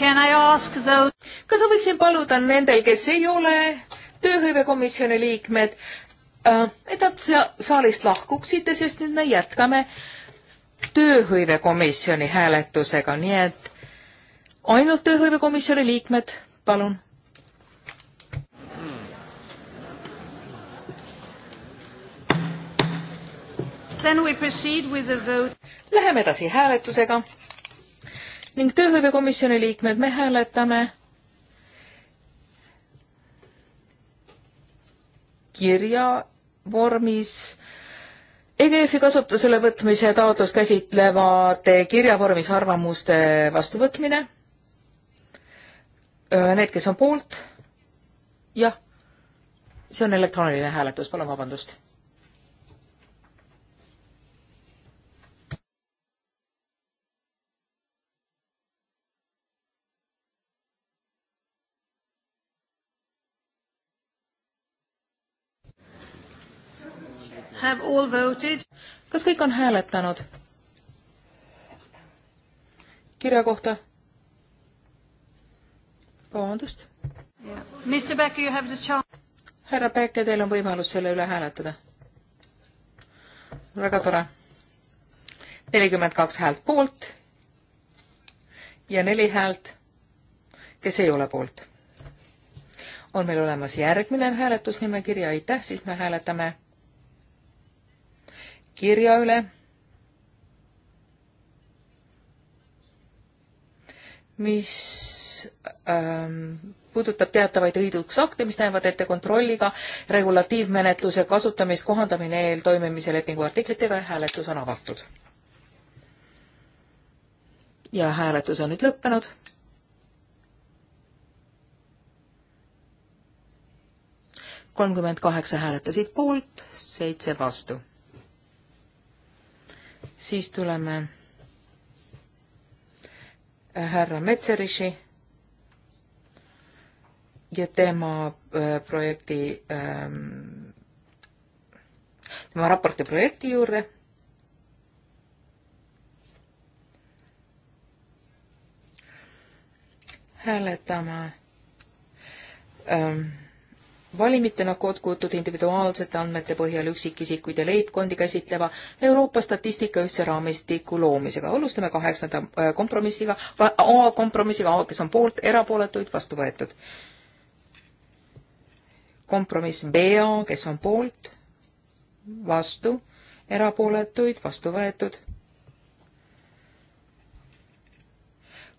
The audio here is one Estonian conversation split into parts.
Those... kas ma võiksin paluda nendel, kes ei ole tööhõivekomisjoni liikmed, äh, et nad saalist lahkuksite, sest nüüd me jätkame tööhõivekomisjoni hääletusega, nii et ainult tööhõivekomisjoni liikmed, palun Läheme edasi hääletusega ning tööhõivekomisjoni liikmed, me hääletame kirja vormis EGF-i kasutusele võtmise taotlust käsitlevate kirjavormis arvamuste vastuvõtmine. Need, kes on poolt, jah, see on elektrooniline hääletus, palun vabandust Have all voted? Kas kõik on hääletanud? kirja kohta? vabandust yeah.. Mr Becker, you have the chance. härra Becker, teil on võimalus selle üle hääletada. väga tore. nelikümmend kaks häält poolt ja neli häält, kes ei ole poolt. on meil olemas järgmine hääletusnimekiri, aitäh, siis me hääletame kirja üle, mis ähm, puudutab teatavaid õigusakte, mis näevad ette kontrolliga regulatiivmenetluse kasutamist, kohandamine eeltoimimise lepingu artiklitega ja hääletus on avatud. ja hääletus on nüüd lõppenud. kolmkümmend kaheksa hääletasid poolt, seitse vastu siis tuleme äh, härra Metseriši ja tema äh, projekti, ähm, tema raporti projekti juurde. hääletame ähm, valimitena kogutud individuaalsete andmete põhjal üksikisikuid ja leibkondi käsitleva Euroopa statistika ühtse raamistiku loomisega. alustame kaheksanda äh, kompromissiga, A kompromissiga, A, kes on poolt, erapooletuid, vastu võetud. kompromiss BA, kes on poolt, vastu, erapooletuid, vastu võetud.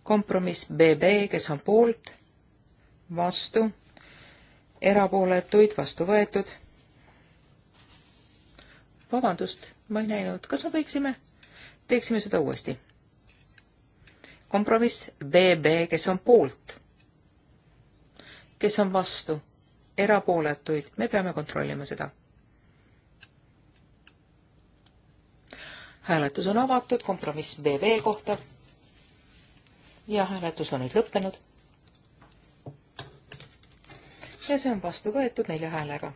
kompromiss BB, kes on poolt, vastu erapooletuid vastu võetud. vabandust, ma ei näinud, kas me võiksime, teeksime seda uuesti. kompromiss BB, kes on poolt, kes on vastu, erapooletuid, me peame kontrollima seda. hääletus on avatud kompromiss BB kohta ja hääletus on nüüd lõppenud ja see on vastu võetud nelja häälega.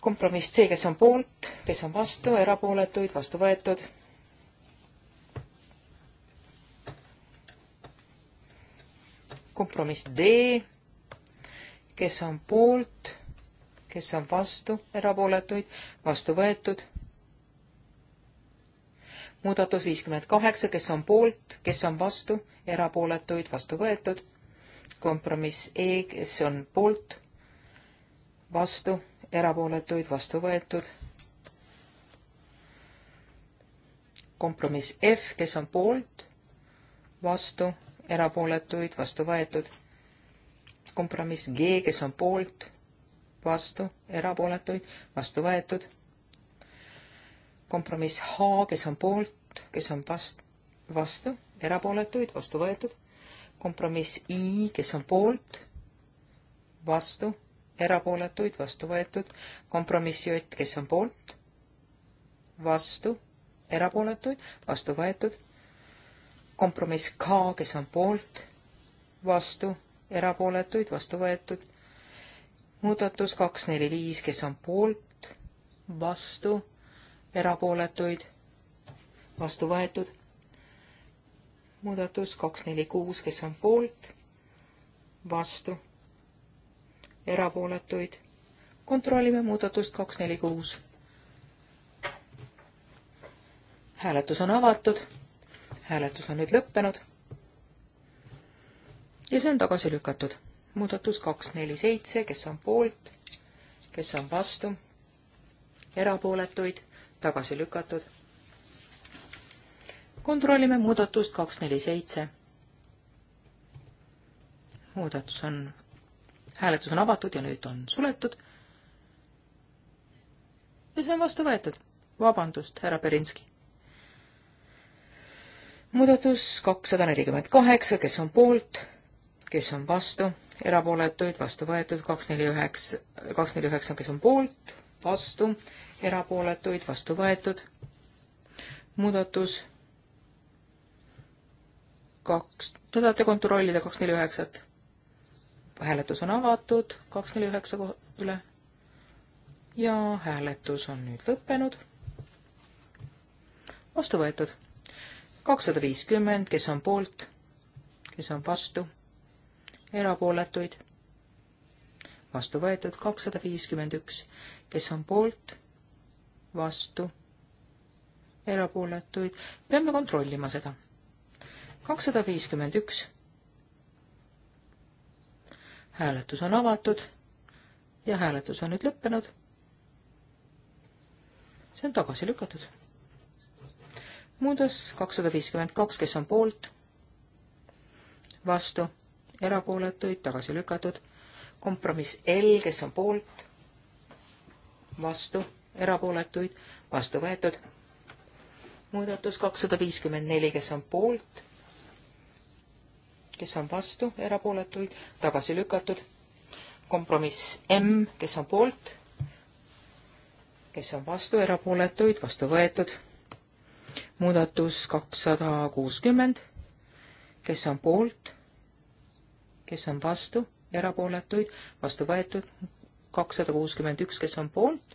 kompromiss C, kes on poolt, kes on vastu, erapooletuid, vastu võetud. kompromiss D, kes on poolt, kes on vastu, erapooletuid, vastu võetud muudatus viiskümmend kaheksa, kes on poolt, kes on vastu, erapooletuid vastu võetud kompromiss E, kes on poolt, vastu, erapooletuid, vastu võetud. kompromiss F, kes on poolt, vastu, erapooletuid, vastu võetud. kompromiss G, kes on poolt, vastu, erapooletuid, vastu võetud. kompromiss H, kes on poolt, kes on vast-, vastu, erapooletuid, vastu võetud kompromiss I, kes on poolt, vastu, erapooletuid, vastu võetud, kompromiss J, kes on poolt, vastu, erapooletuid, vastu võetud, kompromiss K, kes on poolt, vastu, erapooletuid, vastu võetud, muudatus kaks, neli, viis, kes on poolt, vastu, erapooletuid, vastu võetud muudatus kaks, neli, kuus, kes on poolt, vastu, erapooletuid. kontrollime muudatust kaks, neli, kuus. hääletus on avatud, hääletus on nüüd lõppenud ja see on tagasi lükatud. muudatus kaks, neli, seitse, kes on poolt, kes on vastu, erapooletuid, tagasi lükatud kontrollime muudatust kaks, neli, seitse. muudatus on, hääletus on avatud ja nüüd on suletud. ja see on vastu võetud. vabandust, härra Berinski. muudatus kakssada nelikümmend kaheksa, kes on poolt, kes on vastu, erapooletuid vastu võetud, kaks, neli, üheksa, kaks, neli, üheksa, kes on poolt, vastu, erapooletuid vastu võetud. muudatus kaks, te tahate kontrollida kaks neli üheksat? hääletus on avatud kaks neli üheksa üle ja hääletus on nüüd lõppenud. vastu võetud. kakssada viiskümmend, kes on poolt, kes on vastu, erapooletuid, vastu võetud kakssada viiskümmend üks, kes on poolt, vastu, erapooletuid, peame kontrollima seda kakssada viiskümmend üks. hääletus on avatud ja hääletus on nüüd lõppenud. see on tagasi lükatud. muudes kakssada viiskümmend kaks, kes on poolt, vastu, erapooletuid, tagasi lükatud. kompromiss L, kes on poolt, vastu, erapooletuid, vastu võetud. muudatus kakssada viiskümmend neli, kes on poolt kes on vastu, erapooletuid, tagasi lükatud. kompromiss M, kes on poolt, kes on vastu, erapooletuid, vastu võetud. muudatus kakssada kuuskümmend, kes on poolt, kes on vastu, erapooletuid, vastu võetud. kakssada kuuskümmend üks, kes on poolt,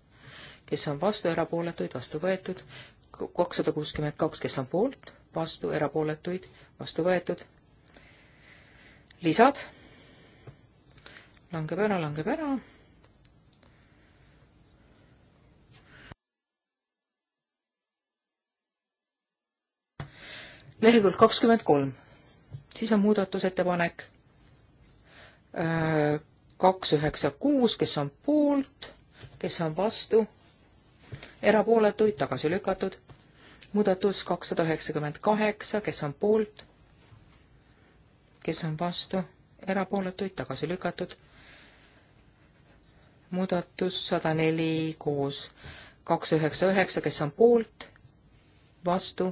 kes on vastu, erapooletuid, vastu võetud. kakssada kuuskümmend kaks, kes on poolt, vastu, erapooletuid, vastu võetud lisad, langeb ära, langeb ära. lehekülg kakskümmend kolm, siis on muudatusettepanek äh, kaks üheksa kuus, kes on poolt, kes on vastu, erapooletuid tagasi lükatud, muudatus kakssada üheksakümmend kaheksa, kes on poolt kes on vastu, erapooletuid tagasi lükatud. muudatus sada neli koos kaks üheksa üheksa, kes on poolt, vastu.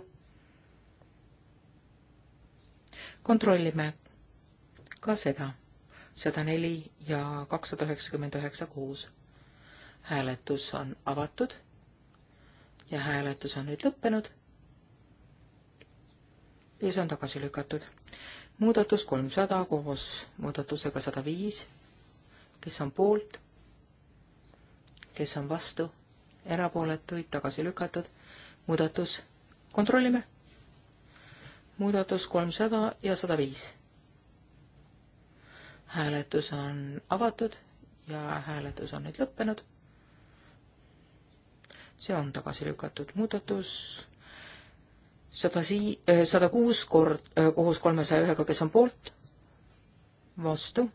kontrollime ka seda, sada neli ja kakssada üheksakümmend üheksa kuus. hääletus on avatud ja hääletus on nüüd lõppenud ja see on tagasi lükatud muudatus kolmsada koos muudatusega sada viis, kes on poolt, kes on vastu, erapooletuid tagasi lükatud, muudatus, kontrollime, muudatus kolmsada ja sada viis. hääletus on avatud ja hääletus on nüüd lõppenud. see on tagasi lükatud muudatus sada sii-, eh, sada kuus kord eh, koos kolmesaja ühega, kes on poolt, vastu,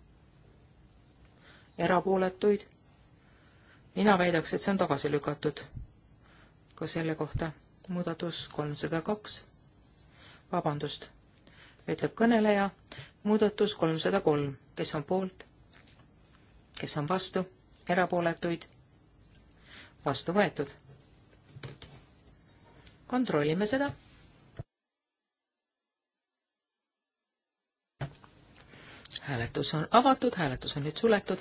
erapooletuid. mina väidaks, et see on tagasi lükatud. ka selle kohta muudatus kolmsada kaks, vabandust, ütleb kõneleja, muudatus kolmsada kolm, kes on poolt, kes on vastu, erapooletuid, vastu võetud. kontrollime seda hääletus on avatud, hääletus on nüüd suletud.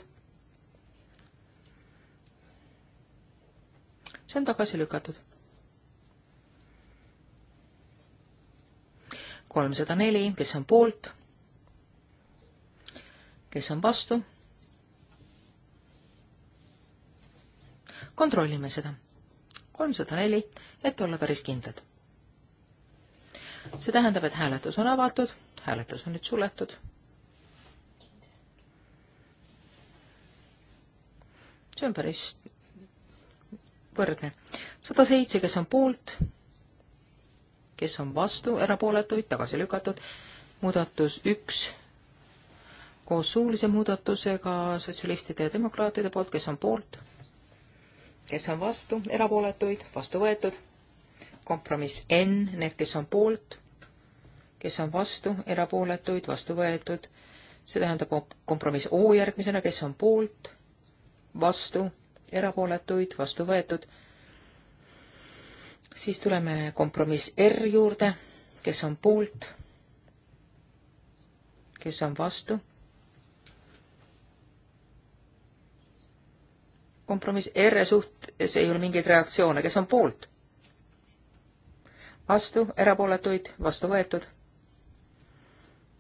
see on tagasi lükatud. kolmsada neli, kes on poolt, kes on vastu. kontrollime seda. kolmsada neli, et olla päris kindlad. see tähendab, et hääletus on avatud, hääletus on nüüd suletud see on päris võrdne. sada seitse, kes on poolt, kes on vastu, erapooletuid, tagasi lükatud, muudatus üks koos suulise muudatusega sotsialistide ja demokraatide poolt, kes on poolt, kes on vastu, erapooletuid, vastu võetud, kompromiss N, need, kes on poolt, kes on vastu, erapooletuid, vastu võetud, see tähendab kompromiss O järgmisena, kes on poolt vastu, erapooletuid, vastu võetud. siis tuleme kompromiss R juurde, kes on poolt, kes on vastu. kompromiss R suhtes ei ole mingeid reaktsioone, kes on poolt? vastu, erapooletuid, vastu võetud.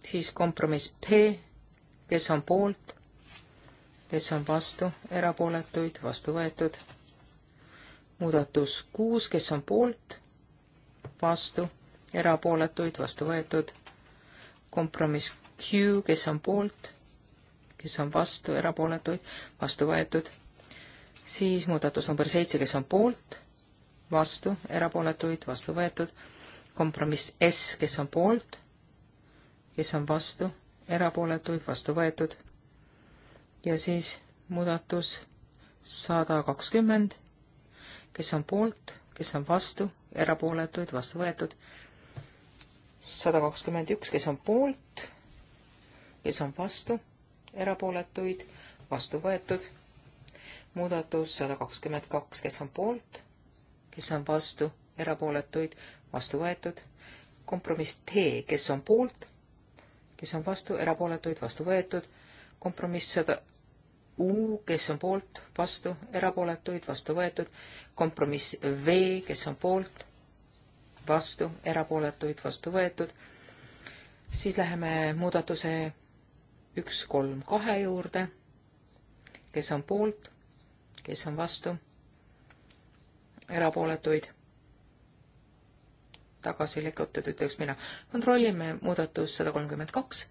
siis kompromiss P, kes on poolt kes on vastu, erapooletuid, vastu võetud. muudatus kuus, kes on poolt, vastu, erapooletuid, vastu võetud. kompromiss Q, kes on poolt, kes on vastu, erapooletuid, vastu võetud. siis muudatus number seitse, kes on poolt, vastu, erapooletuid, vastu võetud. kompromiss S, kes on poolt, kes on vastu, erapooletuid, vastu võetud ja siis muudatus sada kakskümmend, kes on poolt, kes on vastu, erapooletuid, vastu võetud, sada kakskümmend üks, kes on poolt, kes on vastu, erapooletuid, vastu võetud, muudatus sada kakskümmend kaks, kes on poolt, kes on vastu, erapooletuid, vastu võetud, kompromiss T, kes on poolt, kes on vastu, erapooletuid, vastu võetud, kompromiss sada U, kes on poolt, vastu, erapooletuid, vastu võetud, kompromiss V, kes on poolt, vastu, erapooletuid, vastu võetud, siis läheme muudatuse üks, kolm, kahe juurde, kes on poolt, kes on vastu, erapooletuid, tagasi lükatud, ütleks mina. kontrollime muudatus sada kolmkümmend kaks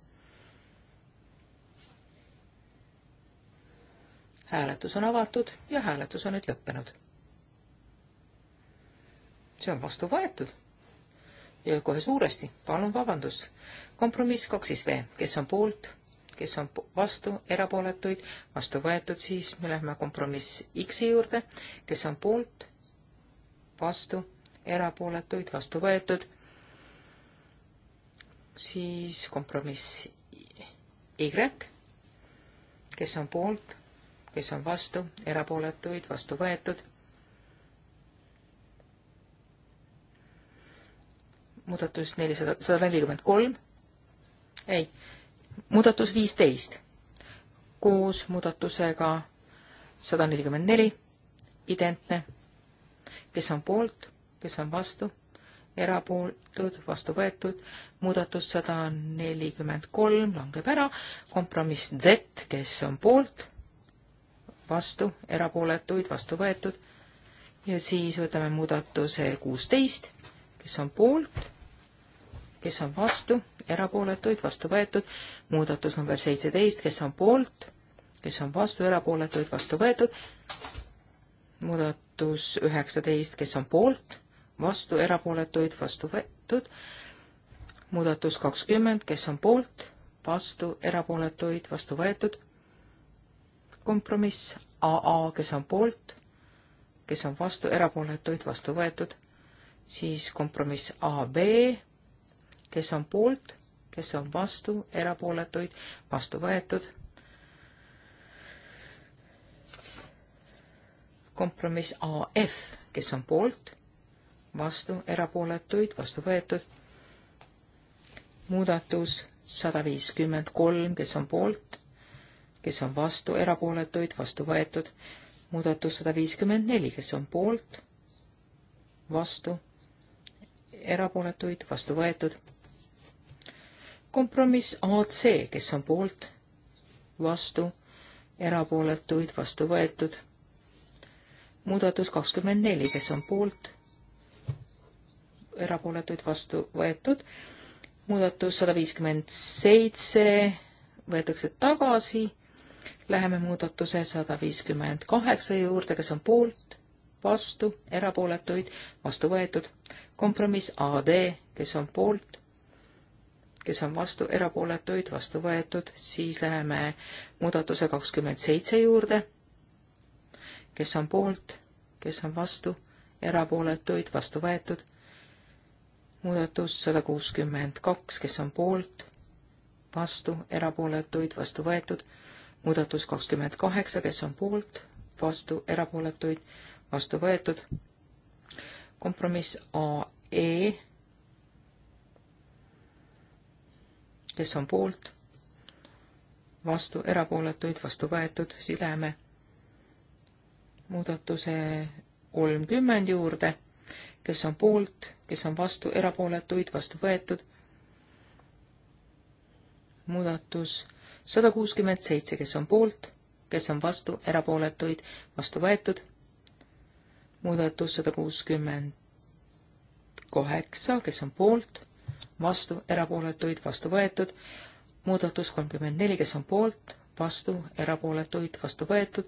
hääletus on avatud ja hääletus on nüüd lõppenud. see on vastu võetud ja kohe suuresti, palun vabandust. kompromiss kaks siis V, kes on poolt, kes on vastu, erapooletuid, vastu võetud, siis me lähme kompromiss X-i juurde, kes on poolt, vastu, erapooletuid, vastu võetud, siis kompromiss Y, kes on poolt, kes on vastu, erapooletuid, vastu võetud. muudatus nelisada, sada nelikümmend kolm, ei, muudatus viisteist koos muudatusega sada nelikümmend neli, identne, kes on poolt, kes on vastu, erapooltud, vastu võetud, muudatus sada nelikümmend kolm langeb ära, kompromiss Z, kes on poolt vastu, erapooletuid, vastu võetud. ja siis võtame muudatuse kuusteist, kes on poolt, kes on vastu, erapooletuid, vastu võetud. muudatus number seitseteist, kes on poolt, kes on vastu, erapooletuid, vastu võetud. muudatus üheksateist, kes on poolt, vastu, erapooletuid, vastu võetud. muudatus kakskümmend, kes on poolt, vastu, erapooletuid, vastu võetud kompromiss AA, kes on poolt, kes on vastu, erapooletuid vastu võetud, siis kompromiss AB, kes on poolt, kes on vastu, erapooletuid vastu võetud, kompromiss AF, kes on poolt, vastu, erapooletuid vastu võetud, muudatus sada viiskümmend kolm, kes on poolt, kes on vastu, erapooletuid, vastu võetud. muudatus sada viiskümmend neli, kes on poolt, vastu, erapooletuid, vastu võetud. kompromiss AC, kes on poolt, vastu, erapooletuid, vastu võetud. muudatus kakskümmend neli, kes on poolt, erapooletuid, vastu võetud. muudatus sada viiskümmend seitse võetakse tagasi Läheme muudatuse sada viiskümmend kaheksa juurde, kes on poolt, vastu, erapooletuid, vastu võetud. kompromiss AD, kes on poolt, kes on vastu, erapooletuid, vastu võetud, siis läheme muudatuse kakskümmend seitse juurde, kes on poolt, kes on vastu, erapooletuid, vastu võetud. muudatus sada kuuskümmend kaks, kes on poolt, vastu, erapooletuid, vastu võetud muudatus kakskümmend kaheksa, kes on poolt, vastu, erapooletuid, vastu võetud. kompromiss AE, kes on poolt, vastu, erapooletuid, vastu võetud, siis läheme muudatuse kolmkümmend juurde, kes on poolt, kes on vastu, erapooletuid, vastu võetud. muudatus sada kuuskümmend seitse, kes on poolt, kes on vastu, erapooletuid, vastu võetud. muudatus sada kuuskümmend kaheksa, kes on poolt, vastu, erapooletuid, vastu võetud. muudatus kolmkümmend neli, kes on poolt, vastu, erapooletuid, vastu võetud.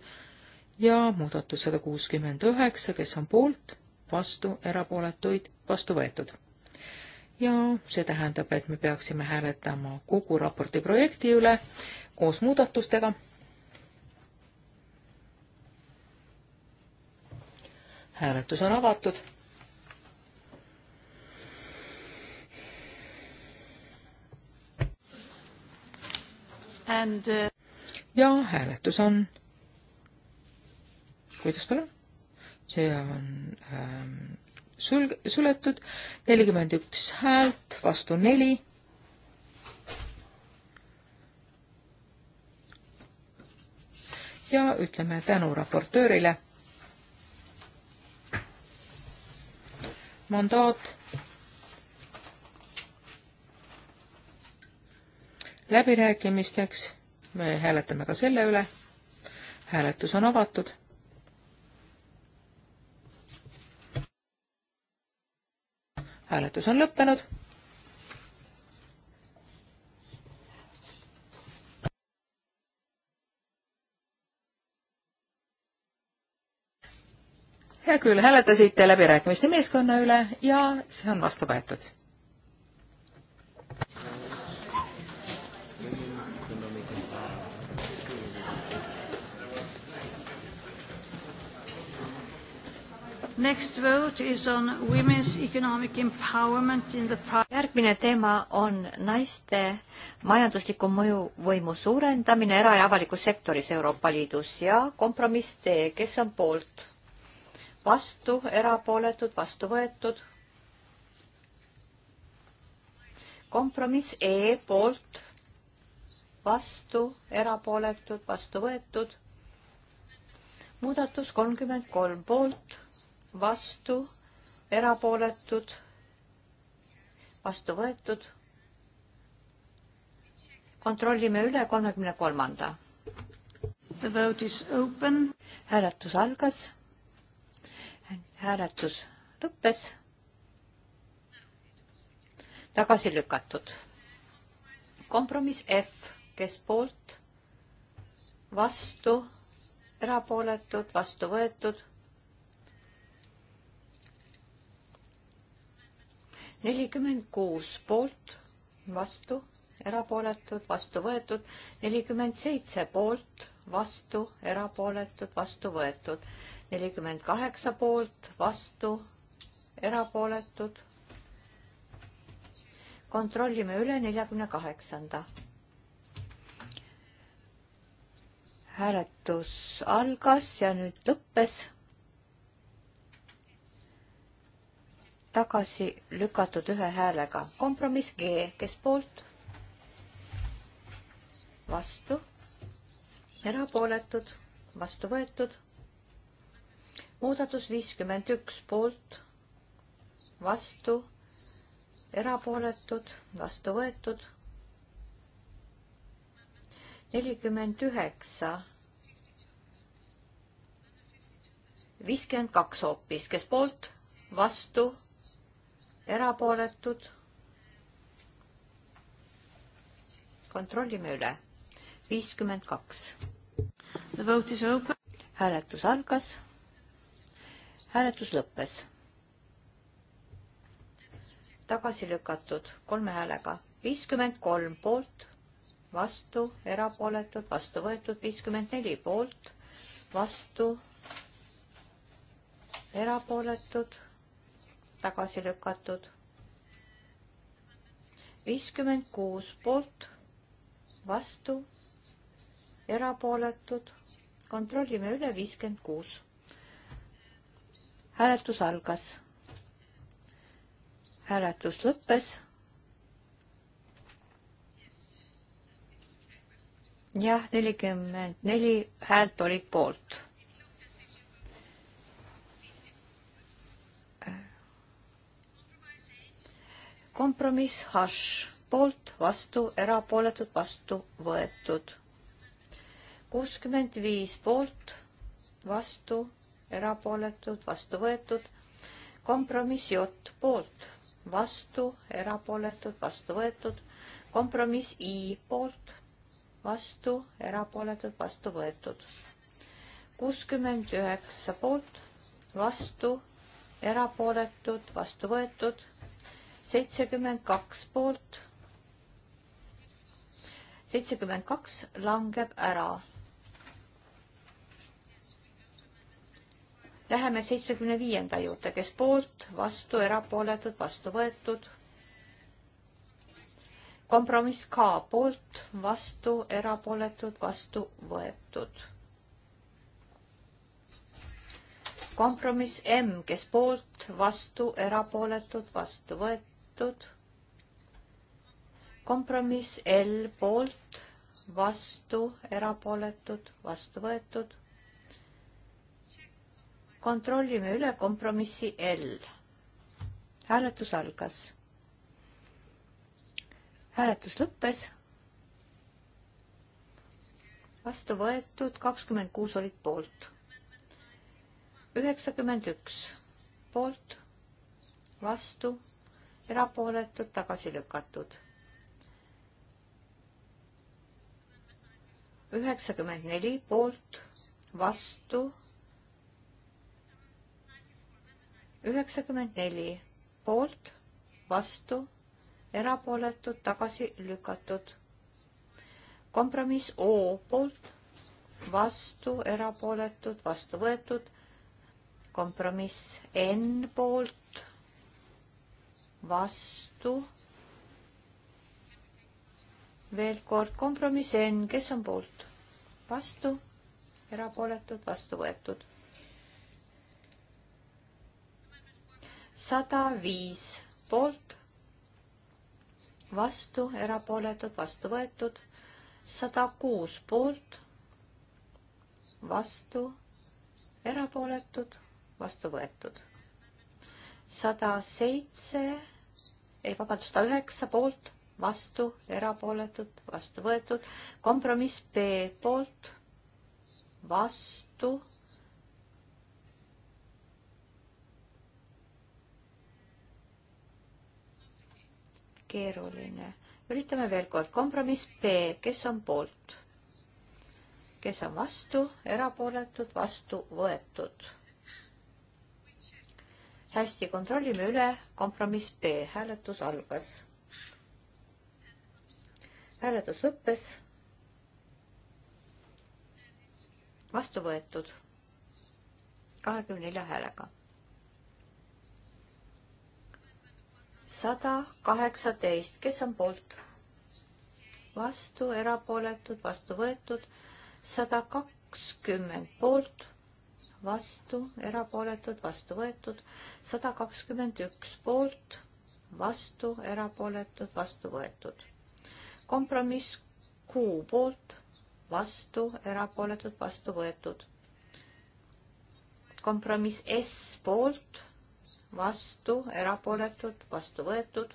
ja muudatus sada kuuskümmend üheksa, kes on poolt, vastu, erapooletuid, vastu võetud ja see tähendab, et me peaksime hääletama kogu raporti projekti üle koos muudatustega. hääletus on avatud. And, uh... ja hääletus on, kuidas palun? see on ähm, sul-, suletud, nelikümmend üks häält, vastu neli. ja ütleme tänu raportöörile. mandaat. läbirääkimisteks me hääletame ka selle üle. hääletus on avatud hääletus on lõppenud. hea küll, hääletasite läbirääkimiste meeskonna üle ja see on vastu võetud Next vote is on women's economic empowerment in the järgmine teema on naiste majandusliku mõjuvõimu suurendamine era- ja avalikus sektoris Euroopa Liidus ja kompromiss D, kes on poolt? vastu, erapooletud, vastu võetud. kompromiss E poolt, vastu, erapooletud, vastu võetud. muudatus kolmkümmend kolm poolt vastu, erapooletud, vastu võetud. kontrollime üle kolmekümne kolmanda. The vote is open. hääletus algas. hääletus lõppes. tagasi lükatud. kompromiss F, kes poolt, vastu, erapooletud, vastu võetud nelikümmend kuus poolt, vastu, erapooletud, vastu võetud, nelikümmend seitse poolt, vastu, erapooletud, vastu võetud, nelikümmend kaheksa poolt, vastu, erapooletud. kontrollime üle neljakümne kaheksanda. hääletus algas ja nüüd lõppes tagasi lükatud ühe häälega. kompromiss G, kes poolt? vastu, erapooletud, vastu võetud. muudatus viiskümmend üks poolt, vastu, erapooletud, vastu võetud. nelikümmend üheksa viiskümmend kaks hoopis, kes poolt, vastu, erapooletud. kontrollime üle. viiskümmend kaks. hääletus algas. hääletus lõppes. tagasi lükatud kolme häälega. viiskümmend kolm poolt, vastu, erapooletud, vastu võetud, viiskümmend neli poolt, vastu, erapooletud tagasi lükatud. viiskümmend kuus poolt, vastu, erapooletud. kontrollime üle, viiskümmend kuus. hääletus algas. hääletus lõppes. jah, nelikümmend neli häält olid poolt kompromiss hašš, poolt, vastu, erapooletud, vastu võetud. kuuskümmend viis poolt, vastu, erapooletud, vastu võetud. kompromiss J poolt, vastu, erapooletud, vastu võetud. kompromiss I poolt, vastu, erapooletud, vastu võetud. kuuskümmend üheksa poolt, vastu, erapooletud, vastu võetud seitsekümmend kaks poolt. seitsekümmend kaks langeb ära. Läheme seitsmekümne viienda juurde, kes poolt, vastu, erapooletud, vastu võetud. kompromiss ka poolt, vastu, erapooletud, vastu võetud. kompromiss M, kes poolt, vastu, erapooletud, vastu võetud võetud. kompromiss L poolt, vastu, erapooletud, vastu võetud. kontrollime üle kompromissi L. hääletus algas. hääletus lõppes vastu võetud, kakskümmend kuus olid poolt. üheksakümmend üks poolt, vastu, erapooletud, tagasi lükatud. üheksakümmend neli poolt, vastu. üheksakümmend neli poolt, vastu, erapooletud, tagasi lükatud. kompromiss O poolt, vastu, erapooletud, vastu võetud. kompromiss N poolt, vastu. veel kord kompromiss N, kes on poolt? vastu, erapooletud, vastu võetud. sada viis poolt, vastu, erapooletud, vastu võetud. sada kuus poolt, vastu, erapooletud, vastu võetud sada seitse, ei vabandust, sada üheksa poolt, vastu, erapooletud, vastu võetud. kompromiss B poolt, vastu keeruline. üritame veel kord, kompromiss B, kes on poolt? kes on vastu, erapooletud, vastu võetud? hästi, kontrollime üle, kompromiss B, hääletus algas. hääletus lõppes. vastu võetud kahekümne nelja häälega. sada kaheksateist, kes on poolt? vastu, erapooletud, vastu võetud, sada kakskümmend poolt vastu, erapooletud, vastu võetud, sada kakskümmend üks poolt, vastu, erapooletud, vastu võetud. kompromiss kuu poolt, vastu, erapooletud, vastu võetud. kompromiss S poolt, vastu, erapooletud, vastu võetud.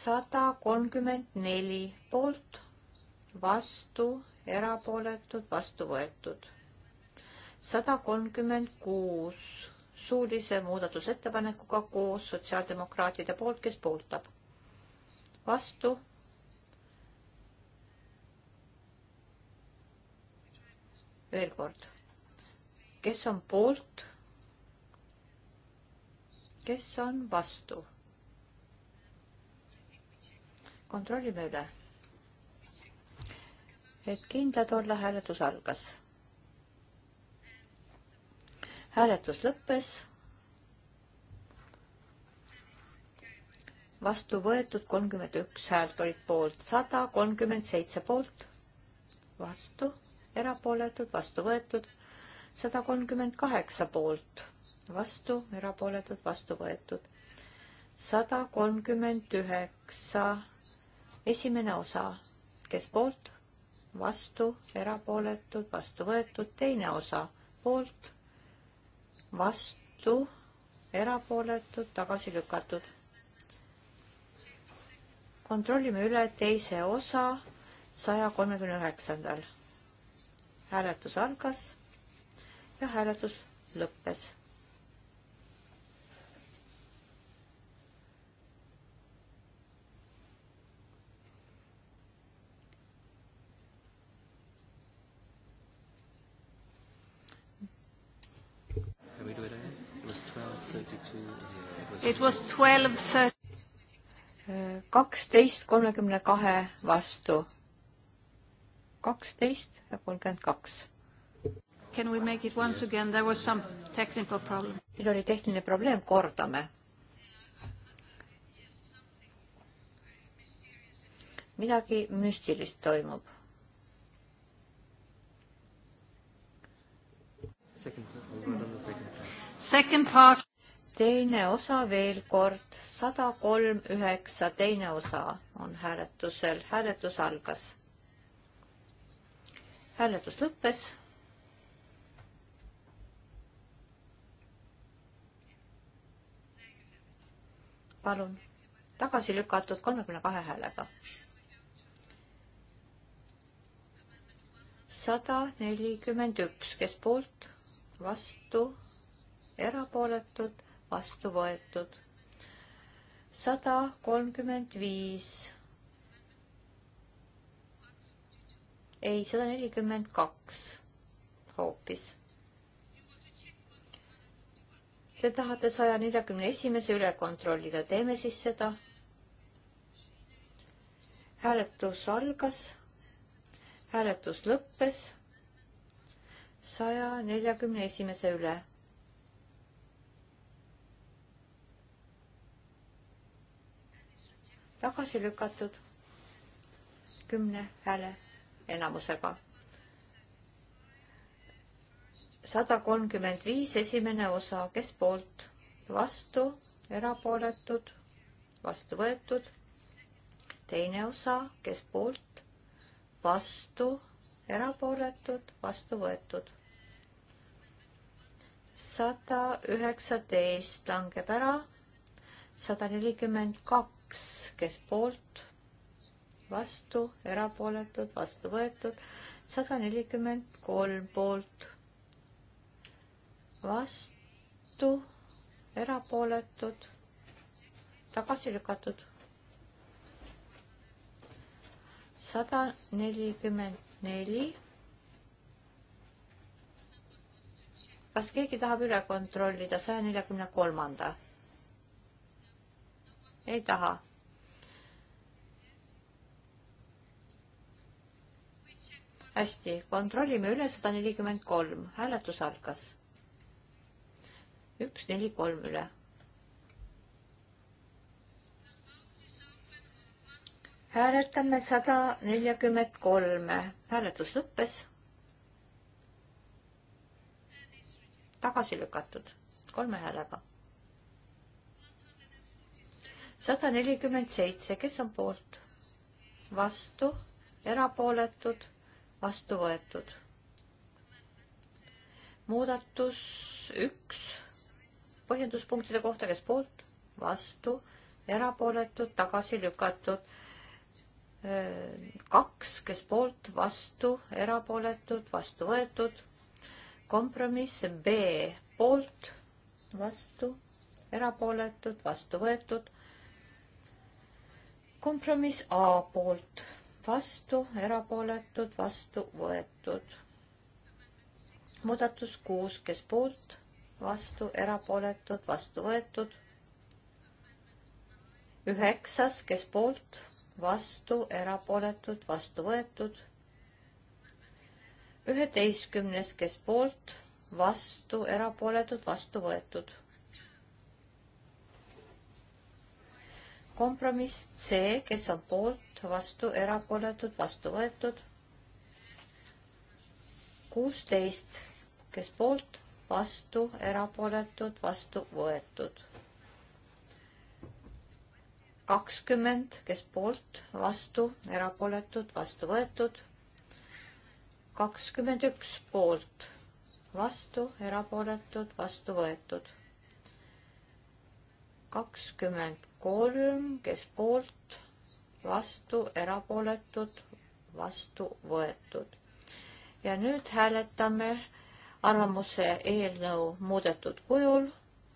sada kolmkümmend neli poolt vastu, erapooletud, vastu võetud. sada kolmkümmend kuus suulise muudatusettepanekuga koos sotsiaaldemokraatide poolt, kes pooldab. vastu. veel kord, kes on poolt? kes on vastu? kontrollime üle et kindlad olla, hääletus algas. hääletus lõppes. vastu võetud kolmkümmend üks häält olid poolt, sada kolmkümmend seitse poolt, vastu, erapooletud, vastu võetud, sada kolmkümmend kaheksa poolt, vastu, erapooletud, vastu võetud, sada kolmkümmend üheksa, esimene osa, kes poolt vastu, erapooletud, vastu võetud, teine osa poolt, vastu, erapooletud, tagasi lükatud. kontrollime üle teise osa saja kolmekümne üheksandal. hääletus algas ja hääletus lõppes kaksteist kolmekümne kahe vastu. kaksteist ja kolmkümmend kaks. Can we make it once again, there was some technical problem. meil oli tehniline probleem, kordame. midagi müstilist toimub. Second part teine osa veel kord, sada kolm üheksa, teine osa on hääletusel, hääletus algas. hääletus lõppes. palun, tagasi lükatud kolmekümne kahe häälega. sada nelikümmend üks, kes poolt, vastu, erapooletud vastu võetud. sada kolmkümmend viis. ei, sada nelikümmend kaks hoopis. Te tahate saja neljakümne esimese üle kontrollida, teeme siis seda. hääletus algas, hääletus lõppes saja neljakümne esimese üle tagasi lükatud kümne hääle enamusega. sada kolmkümmend viis esimene osa, kes poolt, vastu, erapooletud, vastu võetud. teine osa, kes poolt, vastu, erapooletud, vastu võetud. sada üheksateist langeb ära, sada nelikümmend kaks kaks, kes poolt, vastu, erapooletud, vastu võetud, sada nelikümmend kolm poolt, vastu, erapooletud, tagasi lükatud. sada nelikümmend neli. kas keegi tahab üle kontrollida saja neljakümne kolmanda? ei taha. hästi, kontrollime üle sada nelikümmend kolm, hääletus algas. üks, neli, kolm üle. hääletame sada neljakümmet kolme, hääletus lõppes tagasi lükatud kolme häälega sada nelikümmend seitse, kes on poolt? vastu, erapooletud, vastu võetud. muudatus üks, põhjenduspunktide kohta, kes poolt? vastu, erapooletud, tagasi lükatud. kaks, kes poolt, vastu, erapooletud, vastu võetud. kompromiss B poolt, vastu, erapooletud, vastu võetud kompromiss A poolt, vastu, erapooletud, vastu võetud. muudatus kuus, kes poolt, vastu, erapooletud, vastu võetud. üheksas, kes poolt, vastu, erapooletud, vastu võetud. üheteistkümnes, kes poolt, vastu, erapooletud, vastu võetud kompromiss C, kes on poolt, vastu, erapooletud, vastu võetud. kuusteist, kes poolt, vastu, erapooletud, vastu võetud. kakskümmend, kes poolt, vastu, erapooletud, vastu võetud. kakskümmend üks poolt, vastu, erapooletud, vastu võetud. kakskümmend kolm, kes poolt, vastu, erapooletud, vastu võetud. ja nüüd hääletame arvamuse eelnõu muudetud kujul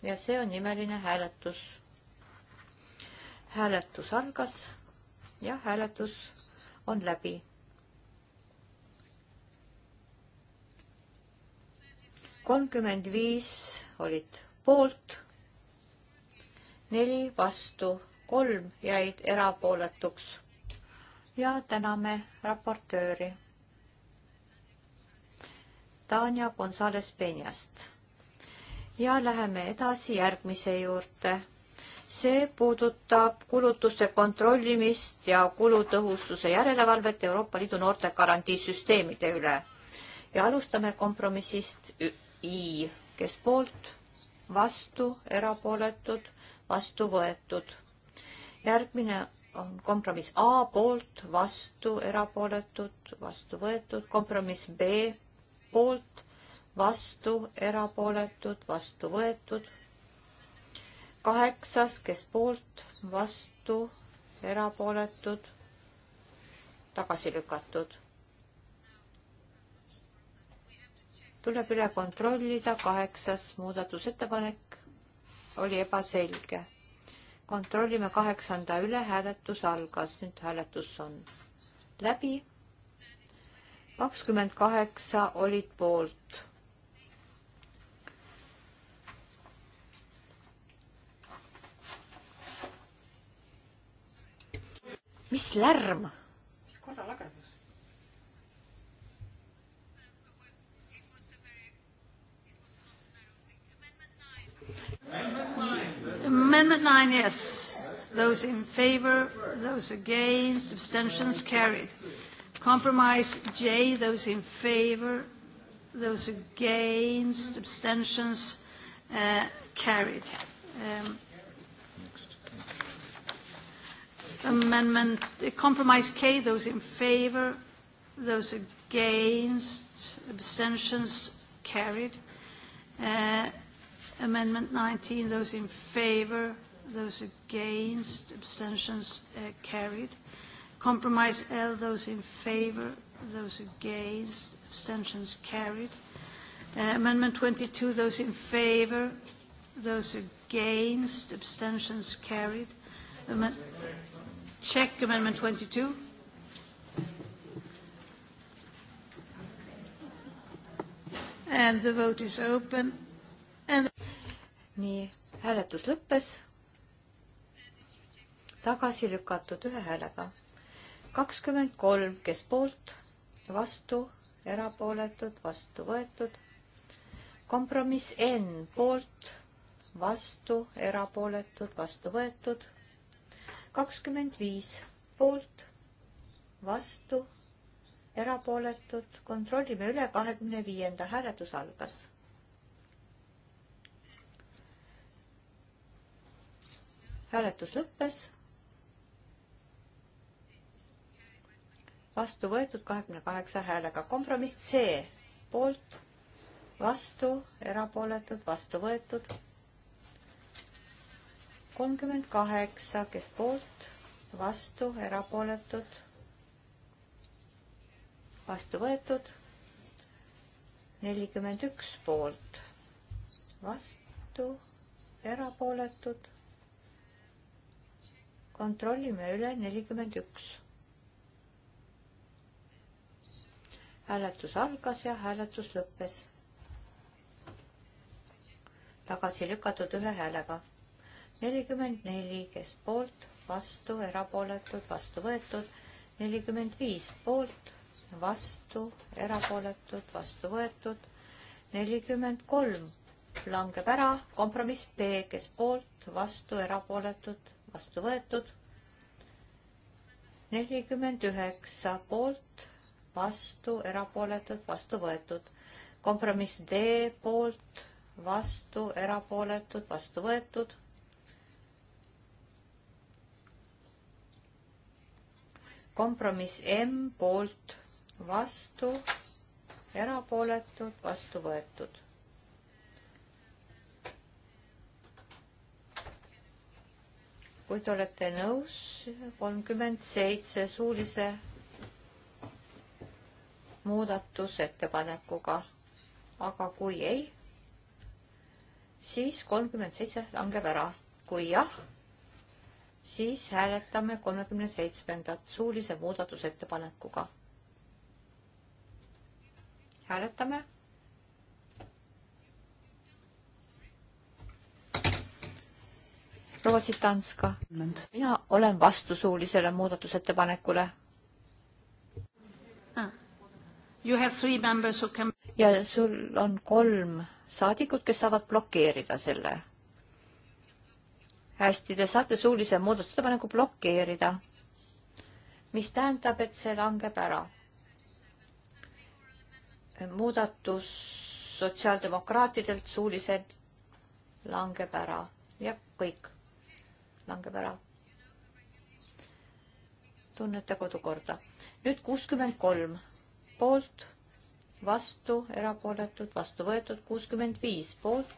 ja see on nimeline hääletus. hääletus algas ja hääletus on läbi. kolmkümmend viis olid poolt neli vastu, kolm jäid erapooletuks. ja täname raportööri. Tanja Gonzalez Penjast. ja läheme edasi järgmise juurde. see puudutab kulutuste kontrollimist ja kulutõhususe järelevalvet Euroopa Liidu noorte garantiisüsteemide üle. ja alustame kompromissist I, kes poolt, vastu, erapooletud vastu võetud. järgmine on kompromiss A poolt, vastu, erapooletud, vastu võetud, kompromiss B poolt, vastu, erapooletud, vastu võetud. kaheksas, kes poolt, vastu, erapooletud, tagasi lükatud tuleb üle kontrollida kaheksas muudatusettepanek oli ebaselge. kontrollime kaheksanda üle, hääletus algas, nüüd hääletus on läbi. kakskümmend kaheksa olid poolt. mis lärm? mis korralagedus? Amendment 9, yes. Those in favor, those against, abstentions carried. Compromise J, those in favor, those against, abstentions uh, carried. Um, amendment, uh, compromise K, those in favor, those against, abstentions carried. Uh, Amendment 19, those in favor, those against, abstentions uh, carried. Compromise L, those in favor, those against, abstentions carried. Uh, amendment 22, those in favor, those against, abstentions carried. Amen Check Amendment 22. And the vote is open nii, hääletus lõppes. tagasi lükatud ühe häälega. kakskümmend kolm, kes poolt, vastu, erapooletud, vastu võetud. kompromiss N poolt, vastu, erapooletud, vastu võetud. kakskümmend viis poolt, vastu, erapooletud, kontrollime üle, kahekümne viienda hääletus algas hääletus lõppes. vastu võetud kahekümne kaheksa häälega. kompromiss C poolt, vastu, erapooletud, vastu võetud. kolmkümmend kaheksa, kes poolt, vastu, erapooletud, vastu võetud. nelikümmend üks poolt, vastu, erapooletud kontrollime üle nelikümmend üks. hääletus algas ja hääletus lõppes. tagasi lükatud ühe häälega. nelikümmend neli, kes poolt, vastu, erapooletud, vastu võetud. nelikümmend viis poolt, vastu, erapooletud, vastu võetud. nelikümmend kolm langeb ära, kompromiss B, kes poolt, vastu, erapooletud, vastu võetud. nelikümmend üheksa poolt, vastu, erapooletud, vastu võetud. kompromiss D poolt, vastu, erapooletud, vastu võetud. kompromiss M poolt, vastu, erapooletud, vastu võetud kui te olete nõus, kolmkümmend seitse suulise muudatusettepanekuga, aga kui ei, siis kolmkümmend seitse langeb ära. kui jah, siis hääletame kolmekümne seitsmendat suulise muudatusettepanekuga. hääletame proua Sitanska, mina olen vastu suulisele muudatusettepanekule ah.. Can... ja sul on kolm saadikut, kes saavad blokeerida selle. hästi, te saate suulise muudatusettepaneku blokeerida, mis tähendab, et see langeb ära. muudatus sotsiaaldemokraatidelt suuliselt langeb ära ja kõik langeb ära. tunnete kodukorda. nüüd kuuskümmend kolm poolt, vastu, erapooletud, vastu võetud, kuuskümmend viis poolt,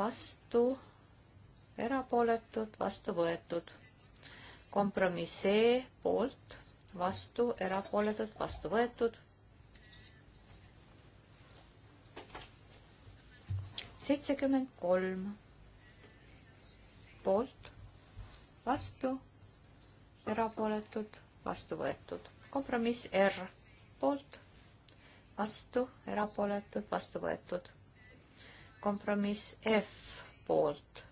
vastu, erapooletud, vastu võetud. kompromiss E poolt, vastu, erapooletud, vastu võetud seitsekümmend kolm poolt, vastu, erapooletud, vastu võetud. kompromiss R poolt, vastu, erapooletud, vastu võetud. kompromiss F poolt,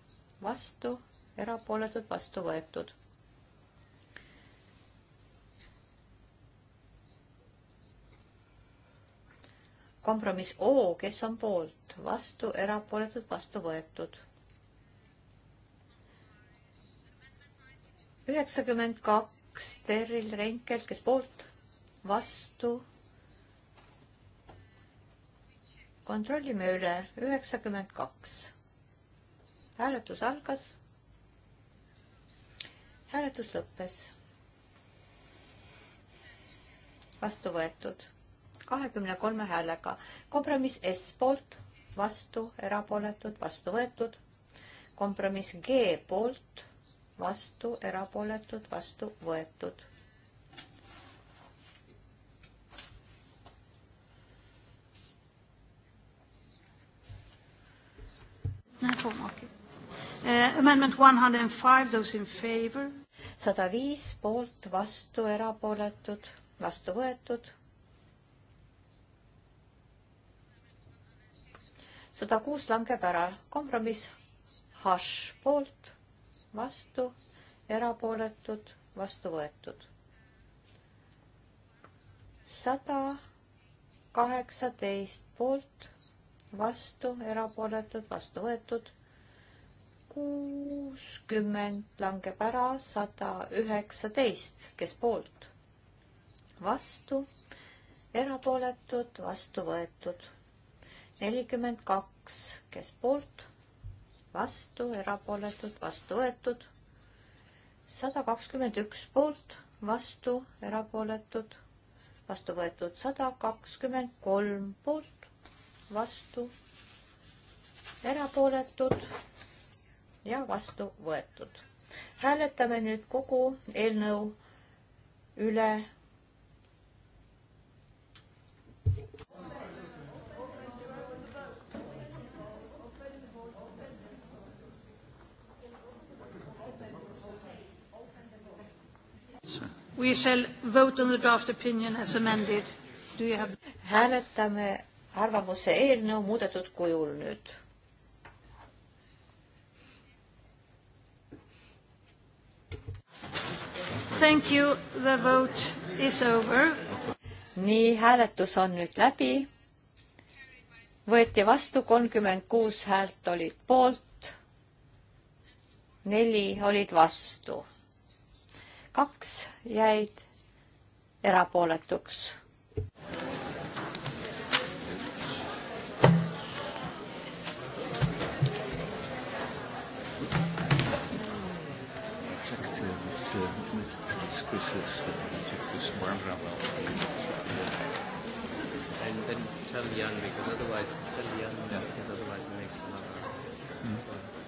vastu, erapooletud, vastu võetud. kompromiss O, kes on poolt, vastu, erapooletud, vastu võetud üheksakümmend kaks Terril Renkelt, kes poolt, vastu. kontrollime üle, üheksakümmend kaks. hääletus algas. hääletus lõppes. vastu võetud kahekümne kolme häälega. kompromiss S poolt, vastu, erapooletud, vastu võetud. kompromiss G poolt, vastu, erapooletud, vastu võetud. Uh, amendment one hundred and five, those in favor. sada viis poolt, vastu, erapooletud, vastu võetud. sada kuus langeb ära, kompromiss, hašš poolt vastu, erapooletud, vastu võetud. sada kaheksateist poolt, vastu, erapooletud, vastu võetud. kuuskümmend langeb ära, sada üheksateist, kes poolt, vastu, erapooletud, vastu võetud. nelikümmend kaks, kes poolt vastu, erapooletud, vastu võetud. sada kakskümmend üks poolt, vastu, erapooletud, vastu võetud. sada kakskümmend kolm poolt, vastu, erapooletud ja vastu võetud. hääletame nüüd kogu eelnõu üle We shall vote on the draft opinion as amended. Do you have... hääletame arvamuse eelnõu muudetud kujul nüüd. Thank you, the vote is over. nii, hääletus on nüüd läbi. võeti vastu kolmkümmend kuus häält olid poolt, neli olid vastu kaks jäid erapooletuks. And then tell Young because otherwise tell Young because otherwise it makes another. Mm.